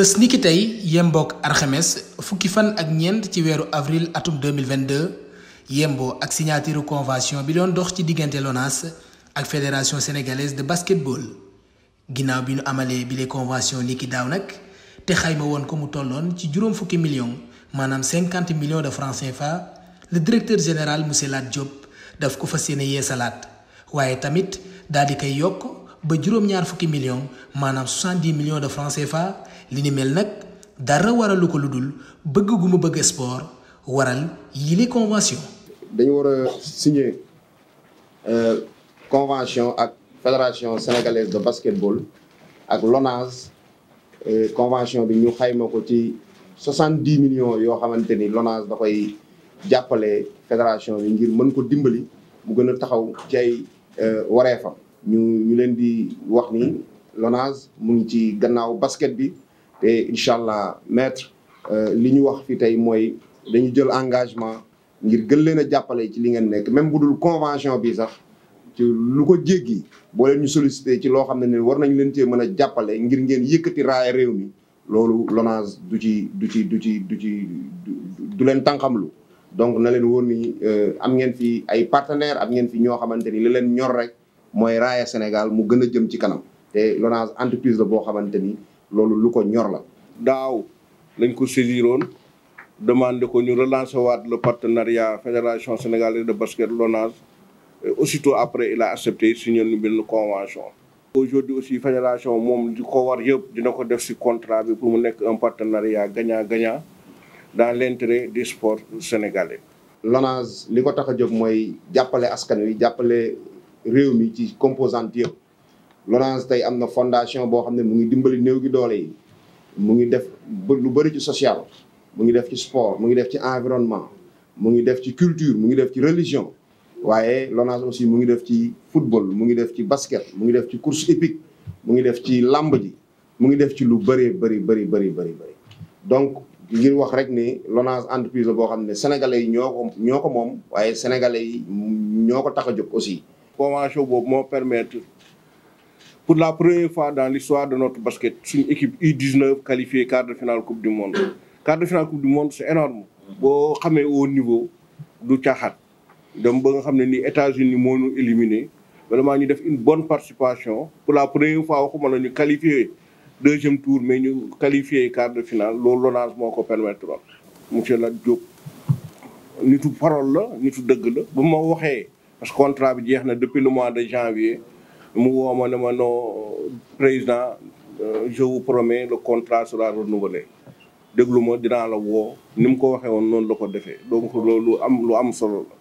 bés ni ki tey yemboog arxemes fukki fan ak ñeent ci weeru avril atum 2022 yemboo ak signature convention bi doon dox ci diggante LONASE ak fédération sénégalaise de basketball ginnaaw bi ñu amalee bile convention ni ki daaw nag te xayma woon ko mu tolloon ci juróom fukki million maanaam 50 millions de francs fa le directeur général monsieur Lat Diop daf ko fa fas yéene salaat waaye tamit daal di koy yokk ba juróom-ñaar fukki million maanaam 70 millions de francs li ni mel nag dara waralu ko lu dul bëgg gu ma bëgg sport waral yile convention. dañu war a signer euh, convention ak fédération sénégalaise de basketball ak LONASE euh, convention bi ñu xayma ko ci soixante-dix millions yoo xamante ni LONASE da koy jàppale fédération bi ngir mën ko dimbali mu gën a taxaw ci ay euh, wareefam ñu ñu leen di wax ni LONASE mu ngi ci gannaaw basket bi. te incha allah maître euh, li ñu wax fi tey mooy dañu jël engagement ngir gën leen a jàppale ci li ngeen nekk même bu dul convention bi sax ci lu ko jéggi boo leen ñu sollicité ci loo xam ne ne war nañ leen cee mën a jàppale ngir ngeen yëkkati raaya réew mi loolu LONASE du ci du ci du ci du ci du leen tànqamlu donc na leen wóor ni euh, am ngeen fi ay partenaires am ngeen fi ñoo xamante ni li leen ñor rek mooy raaya Sénégal mu gën a jëm ci kanam te LONASE entreprise la boo xamante ni loolu lu ko ñor la. daaw lañ ko saisiroon demandé ko ñu relancer waat le partenariat fédération sénégalaise de basket l'ONAS aussitôt après il a accepté signé ñu benn convention. aujourd'hui aussi fédération moom di ko war yëpp dina ko def si contrat bi pour mu nekk un partenariat gagnant-gagnant dans l'intérêt du sport sénégalais. l'ONAS li ko tax a jóg mooy jàppale askan wi jàppale réew mi ci composante yëpp. Lonase tey am na fondation boo xam ne mu ngi dimbali néew gi doole yi mu ngi def lu bëri ci social mu ngi def ci sport mu ngi def ci environnement mu ngi def ci culture mu ngi def ci religion waaye Lonase aussi mu ngi def ci football mu ngi def ci basket mu ngi def ci course hippique mu ngi def ci làmb ji mu ngi def ci lu bëree bëri bëri bëri bëri bëri donc ngir wax rek ni Lonase entreprise la boo xam ne sénégalais yi ñoo ko ñoo ko moom waaye sénégalais yi ñoo ko tax a jóg aussi convention boobu moo permettre pour la première fois dans l'histoire de notre basket suñu équipe U19 qualifiée quart de finale coupe du monde quart de finale coupe du monde c'est énorme boo xamee au niveau du caaxaat dem ba nga xam ne ni États-Unis moo ñu éliminé vraiment ñu def une bonne participation pour la première fois waxuma la ñu qualifié deuxième tour mais ñu qualifié quart de finale loolu LONASE moo ko permettre woon monsieur Lat Diop nitu parole la nitu dëgg la bu ma waxee parce que bi jeex na depuis le mois de janvier mu woo ma ne ma non président euh, je vous promets le contrat sera renouvelé déglu ma dinaa la woo ni mu ko waxee woon noonu la ko defee donc lu am lu am solo